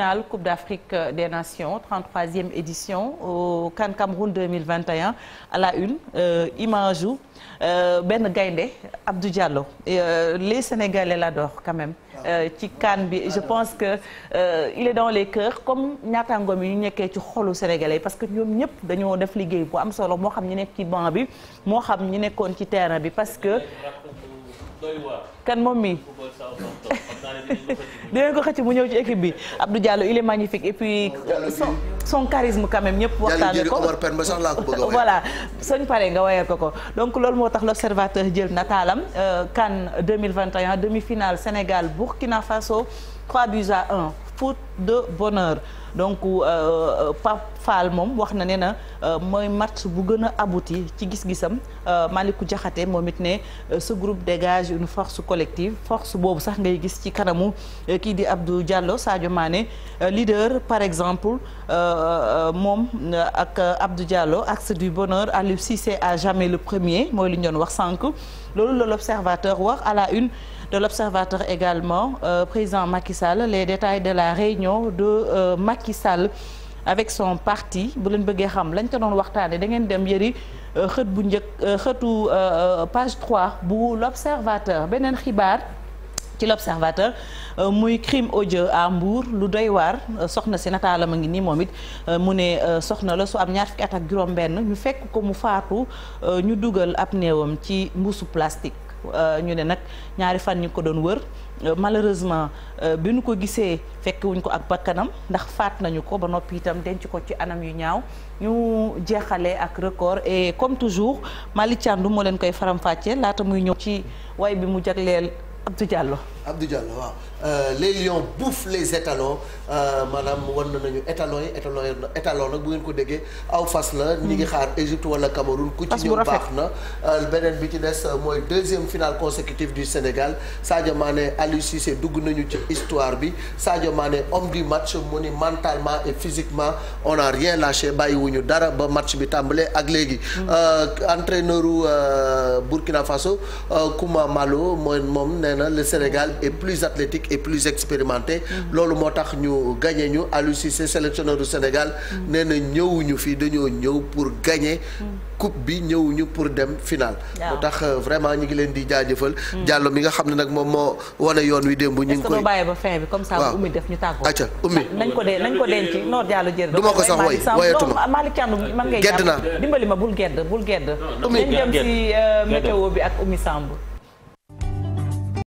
finale Coupe d'Afrique euh, des Nations 33e édition au CAN Cameroun 2021 à la une euh, image u euh, benn gaynde Abdou Diallo euh, les Sénégalais l'adorent quand même euh, ci CAN bi je pense que euh, il est dans les cœurs comme ñaataangoom yi ñu nekkee ci xolu Sénégalais parce que ñoom ñëpp dañoo def liggéey bu am solo moo xam ñu nekk ci banc bi moo xam ñu nekkoon ci terrain bi parce que kan moom mi dinañ ko xëcc mu ñëw ci équipe bi Abdou Diallo il est magnifique et puis son son charisme quand même ñëpp waxtaane ko voilà soñ paree nga wayal ko ko donc loolu moo tax l'observateur jël nataalam euh, CAN 2021 demi-finale Sénégal Burkina Faso 3 buts à un faute de bonheur donc euh, euh, Pape Fall moom wax na ne na euh, mooy match bu gën a abouti ci gis-gisam Maliku Jaxate moom it ne ce groupe dégage une force collective force boobu sax ngay gis ci kanamu kii di Abdou Diallo Sadio Mané leader par exemple moom ak abdu Diallo axe du bonheur Aliou Cissé à jamais le premier mooy li ñu doon wax sànq loolu la l'observateur wax à la une de l'observateur également président Macky les détails de la la réunion de euh, Macky Sall avec son parti bu leen bëggee xam lañ ko doon waxtaanee da ngeen dem yëri euh, xët bu njëkk euh, xëtu page 3 bu l'observateur beneen xibaar ci l'observateur muy crime odieux à Mbour lu doy waar soxna si nataalam a ngi nii moom it mu ne soxna la su am ñaar fukki at ak juróom-benn ñu fekk ko mu faatu ñu dugal ab néewam ci mbuusu plastique. Euh, ñu ne nag ñaari fan yi ko doon wër euh, malheureusement euh, bi nu ko gisee fekk wuñ ko ak bakkanam ndax faat nañu ko ba noppi itam denc ko ci anam yu ñaaw ñu jeexale ak record e comme toujours Malick Thiandoum moo leen koy faram-fàccee laata muy ñëw ci way bi mu jagleel Abdou Diallo. Abdou Diallo waaw euh, les lions bouffent les étalons euh, maanaam wan nañu étalons yi étalons yi étalon nag bu ngeen ko déggee aw fas la ñi ngi hmm. xaar Égypte wala Cameroun ku ci ñëw baax na euh, beneen bi ci des mooy deuxième finale consécutive du Sénégal Sadio Mané Aliou Cissé dugg nañu ci histoire bi Sadio Mané homme du match mu ni mentalement et physiquement on a rien bàyyiwuñu dara ba match bi tàmbalee ak léegi hmm. entraîneur u Burkina Faso Kouma Malo mooy moom nee na le Sénégal et plus athlétique et plus expérimenté. loolu moo tax ñu gañee ñu Aliou Cissé sélectionneur du Sénégal. nee na ñëwuñu fii dañoo ñëw pour gagner coupe bi ñëwuñu pour dem final. moo tax euh, vraiment ñu ngi leen di jaajëfal. Mm. Diallo mi nga xam ne nag moom moo wane yoon wi démb. ñu ngi koy est-ce fin bi comme ça. waaw def ñu tàggoo. acca ummi nañ ko de nañ du ma ko sax woy woyatuma Malick Thiandoum man ngay. gedd naa ma bul gedd bul gedd. ummi euh, bi ak ummi